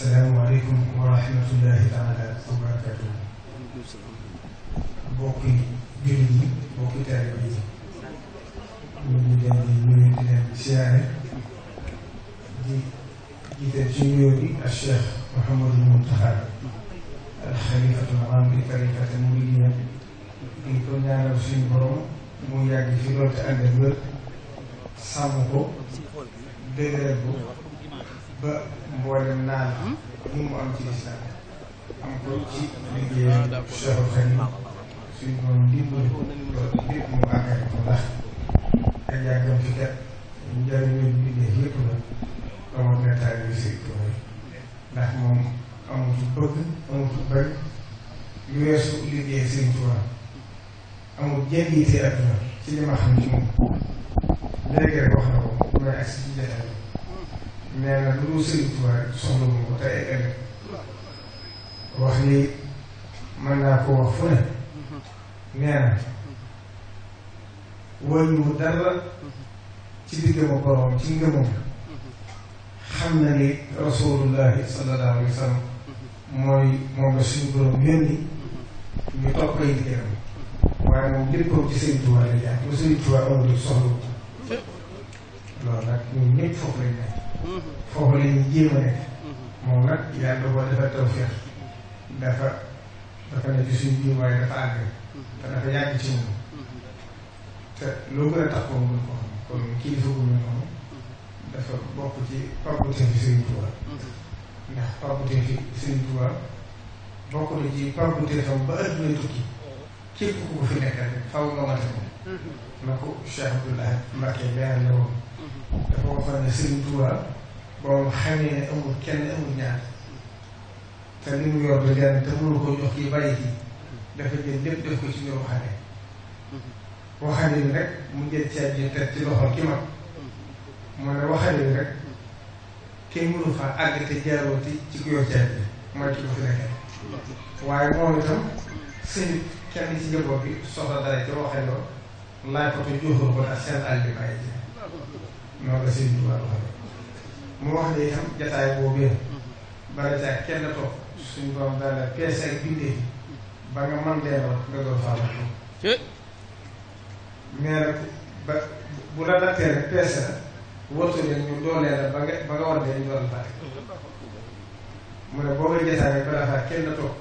asalaamaaleykum wa rahmatullahi taala wa barakatuh bokki jullit yi bokki taalibe yi ñu ngi leen di nuyu di leen siyaare di jiite ci nuyoo bi ak Cheikh Mouhamadou Mountakha alxalifatul aam bi tarixati muridiyya di ko ñaanal suñu borom mu yàgg fi loolu te ànd ak wér sàmm ko dëgëral ba mboolem naan yi mu am ci lislaam am ko ci liggéey Cheikhul Khadim suñ borom dimbali ko lépp mu àggale ko ndax ak yàggam fi kat njëriñu liggéey yëpp la amoon na taal bi Sëriñ Tuuba ndax moom amatu bëgg amatu bañ lu weesu liggéey Sëriñ Tuuba amul jenn yitte àdduna ci li ma xam ci moom léegi rek wax na ko mooy ak si jataay nee na lu dul Sëriñ Tuubaa rek soxla wu ko tey ëllëg wax ni mën naa ko wax fu ne nee na wàññiwul dara ci diggam ak boroom ci ngëmam xam na ni rasulullahi sallallahu alayhi wa sallam mooy moom la suñu boroom yónni ñu topp ay diggam waaye moom léppam ci Sëriñ Tuubaa la jaar ba Sëriñ Tuubaa amul soxla loolu nag ñun ñëpp foofu lañ ne foofu la ñuy jéem a nekk mm-hmm. moom nag yàlla boo dafa tawfeex dafa dafa nekk suñu biir waaye dafa àgg mm-hmm. te dafa yàgg ci moom mm-hmm. te loo gën a tax koo mën ko xam kon kilifa gu mel noonu dafa bokk ci papute fi Sëriñ Tuuba ndax papute fi Sëriñ Tuuba bokk na ci papute fam ba adduna tukki képp ku ko fi nekkal faw nga mate moom na mm-hmm. ko Cheikh Abdoulaye Mbacke leeral la woon mm-hmm. dafa waxoon ne Serigne Touba boobu xamee ne amul kenn amul ñaar mm-hmm. te li mu yor la leen te mënu ko jox kii bàyyi kii dafa jël lépp def ko ci ñoom waxane waxane bi rek mu jël ceeb ji teg ci loxo ki mag moo ne waxane bi rek kenn mënu fa àgg te jaarooti ci ku yor ceeb bi mooy ci ko fi waaye moom itam sëñ kenn ci njaboot bi soxla dara ci waxee loolu laajkatu joxul ko ak seen aaj bi bàyyi ji noonu la seen tubaab waxee mu wax ne itam jataay boobee bala caa kenn toog suñu borom daal la peese ak bindee ba nga mën leen wax nga doon faa wax mais nag bu la nattee rek peese la wóotu leen ñu doolee la ba nga ba nga war leen ñu doon faa mu ne boo ko jataayee bala faa kenn toog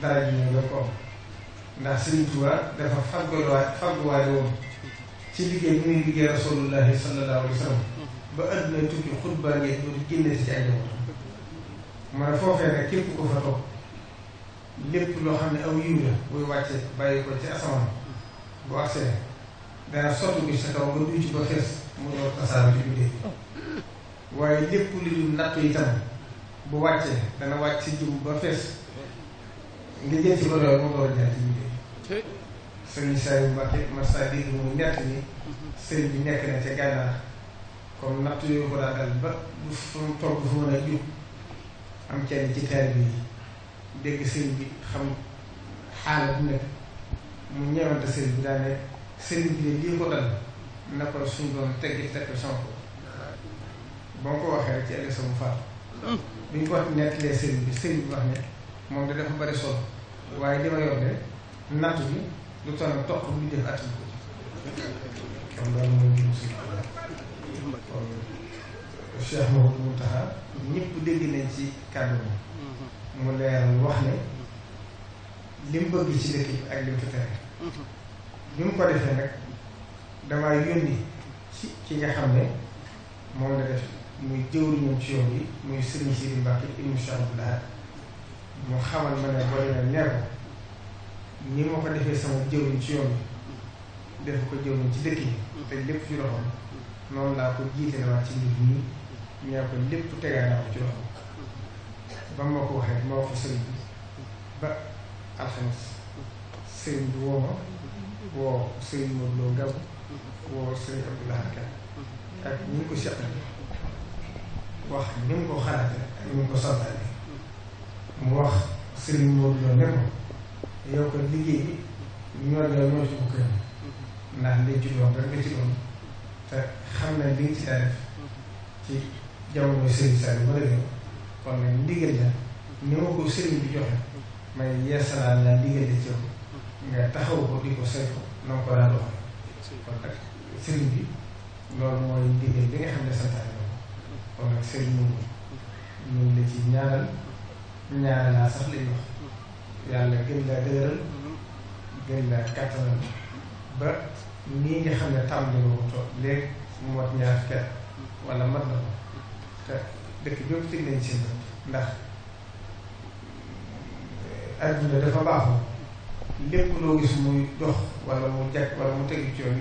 dara ji ñëw nga ko ndax Sëriñ Tuubaa dafa fagguwaay fagguwaay woon ci liggéey bi muy liggéey rasulullahi sallallahu alayhi wa sallam ba àdduna tukki xutbaa ngeen génne si ci ay jamono lépp loo xam ne aw yiw la buy waaye lépp lu dul nattu itam bu wàccee dana wàcc si jum ba fees nga jël ci ba doon mu doon jaar ci biir sëriñ Saliou Mbacké Massa dégg mu ñett ni sëriñ bi nekk na ca gànnaar comme natt yooyu ko daa dal ba du fu mu toog du fu mën a jub am kenn ci taal bi dégg sëriñ bi xam xaala bu nekk mu ñëwante sëriñ bi daane sëriñ bi lii ko dal na suñ doon teggi teg ko ba nga ko waxee rek ci élection mu faatu bi ñu ko wax nettalee sëriñ bi sëriñ bi wax ne moom da dafa bari solo waaye li ma yor de natt bi lu tax nag topp mu jëf ko ci kon daal mooy jëm si kon Cheikh Mawud Moutaha dégg nañ ci kàddu moom mu leeral wax ne li bëgg ci dëkk bi ak li mu fi tere bi mu ko defee nag damaa yónni ci ki nga xam ne moom la def muy jëwriñam ci yoon bi muy Serigne Sidi Mbacke ibnu Cheikh Abdoulaye mu xamal ma ne booy na neex ni ma ko defee sama jëwriñ ci yoon bi def ko jëwriñ ci dëkk yi te lépp ci loxoom noonu laa ko jiite waat ci nit ñi ñaa ko lépp tegaat ko ci loxoom ba ma ko waxee ma wax ko sëriñ bi ba alxames sëriñ bi woo woo sëriñ Modou Lo Gabou woo sëriñ Abdoulaye Kane ak ñu ko seqal wax ni ko xalaatee ak ni ko santaane mu wax sëriñ Modou Lo ne ko yow ko liggéey bi ñor la ñoo ci bu gën ndax liñ ci doon rek nga ci doon te xam ne li ci def ci jamono sëriñ saa yu bëri yow kon nag ndigal la ni ma ko sëriñ bi joxe may yeesalaat la ndigal la ci yow nga taxaw ko di ko saytu na nga ko daan doxee kon nag sëriñ bi loolu mooy ndigal bi nga xam ne santaane la ko kon nag sëriñ bi ñu ci ñaanal ñaanal naa sax li ñu yàlla gën laa dëgëral gën laa kattanal ba nii nga xam ne tàmbali wu toog léegi mu mot ñaar ket wala mat na ko te dëkk bépp tëj nañ si ndax eh, dox wala mu jag wala mu tegu ci yoon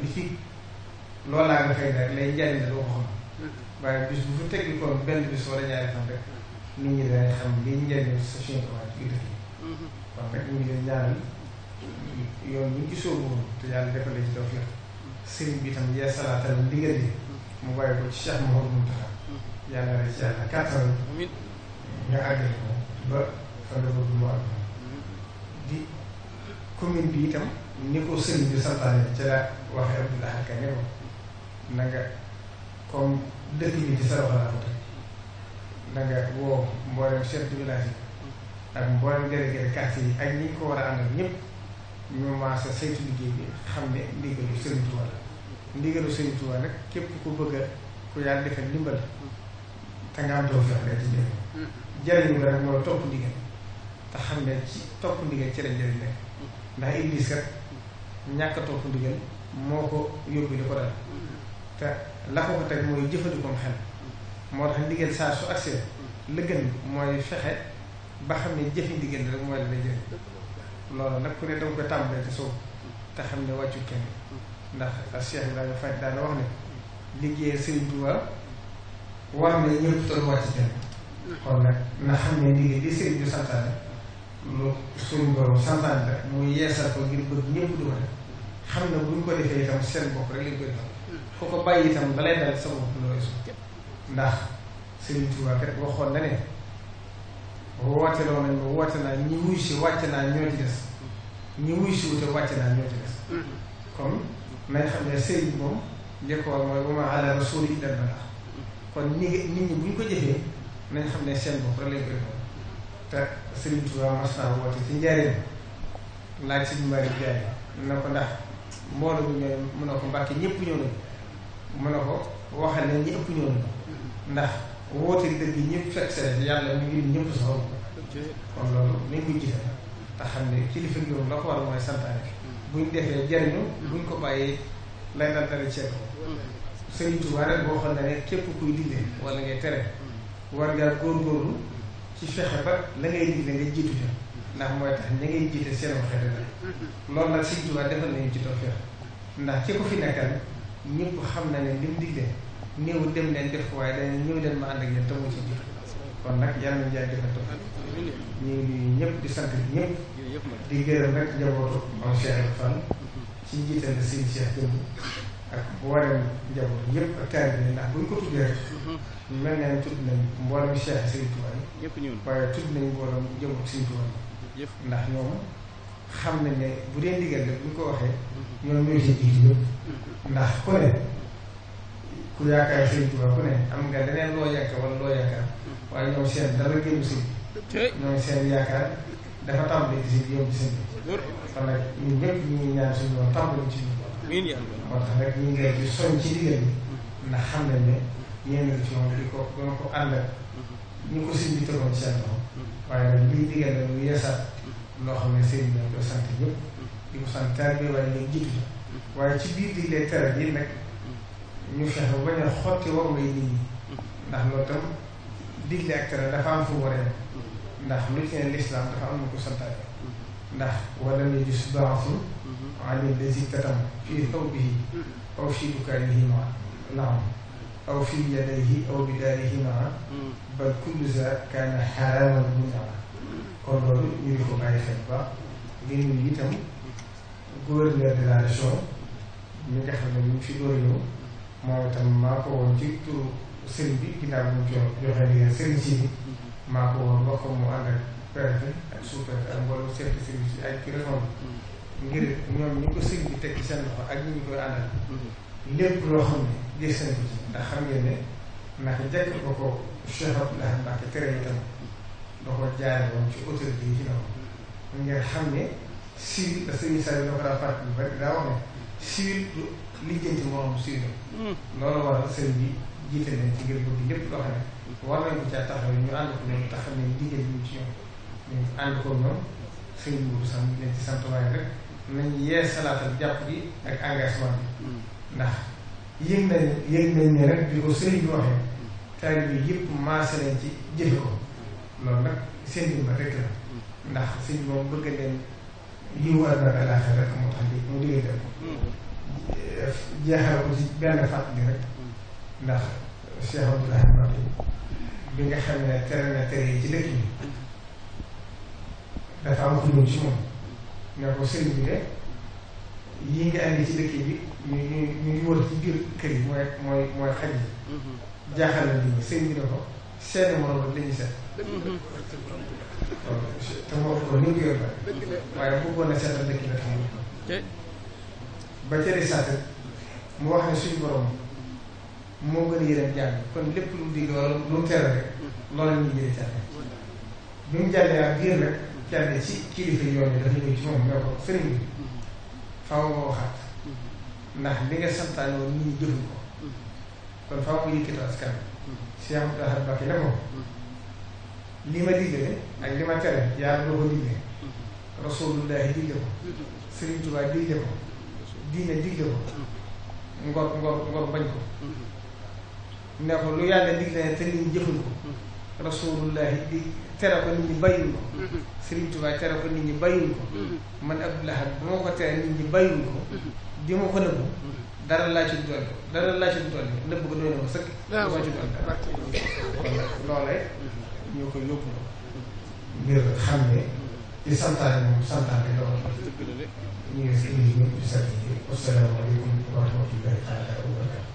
loolaa nga fay rek lay njariñ la doo ko xam waaye bis bu fa tegu ko benn bis wala ñaari fan rek nit ñi dañuy xam li njariñ sa suñu ko waa ci dëkk kon nag ñu ngi leen ñaanal yoon ñu gisoo woon te yàlla defal la ci tawfiq sëriñ bi itam yeesalaatal ndigal yi mu bàyyi ko ci Cheikh Mouhamadou Mountakha yàlla na ci yàlla kàttan nga àggale ko ba fa nga bëgg di commune bi itam ni ko sëriñ bi santaane ci la waxee Abdoul Ahad Ka ne ko na nga comme sa loxo laa ko teg na nga woo mboolem chef de village yi ak mboolem délégué de quartier yi ak ñi ñu ko war ñëpp ñu maase saytu liggéey bi xam ne ndigalu Serigne Touba la ndigalu nag képp ku bëgg a ku yàlla defal ndimbal te nga am doo fex la ci jëriñ jëriñu bi rek mooy topp ndigal te xam ne ci topp ndigal ci la jëriñ nekk ndax Iblis kat ñàkk a topp ndigal moo ko yóbbu li ko dal te la ko ko teg mooy jëfandikoom xel moo tax ndigal saa su agsee lëggan mooy fexe ba xam ne jëfi ndigal rek mooy la lay jëriñ loolu nag ku ne danga ko tàmbalee te soobu te xam ne wàccu kenn ndax Cheikh Ibrahima Faye daana wax ne liggéey Sëriñ Tuubaa war na xam ne liggéey di Sëriñ bi santaane lu suñu borom santaane la muy yeesal ko ngir bëgg ñëpp du ko def xam ne buñ ko defee itam seen bopp rek lañ koy defal ku ko bàyyi itam dalay dal sa bopp looy su ndax Sëriñ Tuubaa kat waxoon na ne woote loo nañ naa ñi wuy si wàcc naa ñoo ci des ñi wuy si wute wàcc naa des kon nañ xam ne sëriñ moom li ko war mooy wa maa alaa rasuuli illal balaa kon ñi nit ñi bu ko jëfee nañ xam ne seen bopp rek lañ koy xool te sëriñ Tuubaa mas naa ci njariñ laaj si mbari jaay na ko ndax mbooloo bu ñëw mun na ko mbàkke ñëpp ñëw nañu mun na ko waxal ne ñi ëpp ñëw nañu ndax woote dëgg ñëpp fekk seen yàlla mu ngi ñëpp soxal kon loolu nañ ko jiital te xam ne kilifa ngirum la ko war mooy santaane buñ defee jariñu buñ ko bàyyee lay dal dara ceeb ko Sëriñ Tuubaa rek boo xam ne ne képp kuy digle wala ngay tere war ngaa góorgóorlu ci fexe ba la ngay digle nga jiitu ca ndax mooy tax ña ngay jiite seen waxee dana loolu nag Sëriñ Tuubaa defal nañu ci toog ndax ki fi nekkal ñëpp xam na ne lim digle néew dem leen def waaye dañu ñëw leen ma ànd ak yéen te ci jiitu kon nag yàlla nañu jaay defal toog ñu ngi nuyu ñëpp di sant ñëpp di gërëm rek njabootu maam Cheikh Fall ci njiital seen ak mboolem njaboot yëpp ak taal bi ndax buñ ko tuddee rek mel na ne tudd nañ mboolem Cheikh Sëriñ Tuubaa yi waaye tudd nañ mboolem njaboot Sëriñ Tuubaa ndax ñoom xam nañ ne bu dee ndigal rek buñ ko waxee mm-hmm. ñoom ñoo ci jiitu yëpp ndax ku ne ku yaakaar sëñ Tuubaa ku ne am nga leneen loo yaakaar wala loo yaakaar hmm. waaye ñoom seen dara génn sëñ ñoom seen yaakaar dafa tàmbali ci sëñ yow ci sëñ kon nag ñun ñëpp ñu ngi ñaan suñu loolu ci ñun moo tax ni ñu ci soñ ci digal bi ci moom di ko dana ko ànd ak hmm. ñu ko sëñ hmm. waaye nag lii digal la ñu yeesaat loo xam ne sëñ bi dañ koy sant ñëpp di ko sant taal bi waaye ñu jiitu waaye ci biir digle tere yi nag ñu fexe bañ xotti war may nit ndax loolu tam digle ak tere dafa am fu waree ndax lu ci ne lislaam dafa am na ko santaane ndax wala ni gis doxatul waaye de si tatam fii aw bii aw fii dukkaanihi ma laam aw fii yadayhi aw bidaarihi ma bal kullu za kaana xaraaman muñaa kon loolu ñu ngi ko bàyyi xel ba ngir ñu itam gouverneur de la région ñi nga xam ne ñu fi door ñëw moom itam maa ko woon ci turu sëriñ bi ginnaaw bi mu joxe maa ko woon ko mu ànd ak ak sous-préfet ak mboolem chef de service yi ay téléphone ngir ñoom ko sëriñ bi teg loxo ak ñi ñu koy àndal lépp loo xam ne gis nañ ko ci ndax xam ngeen ko Cheikh Abdoulaye tere itam da ko jaare woon ci autorité yi ci noonu ngir xam ne civil parce que misaal yi doo ko daa fàttali bari daa wax liggéey ci morom suñu. Hmm. loolu waral sëñ bi jiite leen ci ngir bëgg lépp loo xam war nañu caa taxaw ñu ñu ànd ko ñoom sëñ bi sax leen ci sant waaye rek nañ yee salaatal jàpp gi ak engagement bi. Hmm. ndax yëg nañ yëg nañ ne rek di ko sëriñ bi waxee. taalibe bi yëpp maase nañ ci jëfe ko. loolu nag seen dimbal rek la. Hmm. ndax sëñ moom bëgg leen yiw àdduna ak àllaaxira rek moo tax mu liggéey ko. jeexal ko ci benn fàttali rek ndax Cheikh Abdoul Ahad bi nga xam ne tere na tere yi ci dëkk bi dafa am ku ñëw ci moom ne ko sëriñ bi de yii nga andi ci dëkk bi ñu ñu ñu ngi wër ci biir kër yi mooy mooy mooy xaj yi mm-hmm. jaaxal na nit ñi sëriñ bi ne ko seeni morom lañuy seet mm-hmm. te moo ko ni mu yor la waaye bëggoon na seetal dëkk ba ca risaata mu wax ne suñu borom moo gën a yërëm jàng kon lépp lu mu digg wala lu tere rek loolu ñu jëlee ca bi mu jàllee ak biir nag jàllee ci kilifa yoon yi dafa ñëw ci moom ne ko sëriñ bi faaw nga waxaat ndax li nga santaane woon nit ñi ko kon faaw nga yëkkati askan si am daxar bàkki ne ko li ma digle ak li ma tere yaa loo ko digle rasulullahi digle ko sëriñ Tuubaa digle ko diine digle ko mm-hmm. ngor ngor ngor bañ ko mm-hmm. ne ko lu yàlla digle ne te nit ñi jëfal ko mm-hmm. rasulullahi di tere ko nit ñi bàyyul ko Sëriñ Tuubaa tere ko nit ñi bàyyul ko man Abdul bu ma ko tere nit ñi bàyyul ko di ma ko nëbbu dara laa ci dolli dara laa ci dolli nëbb ko doon ko sëkk ah, dama ci dolli dara loolee ñoo ko yóbbu mbir xam ne di santaane moom santaane lool ñu ngi si indi ñëpp di sant ñi asalaamaaleykum wa rahmatullahi taala wa barakatu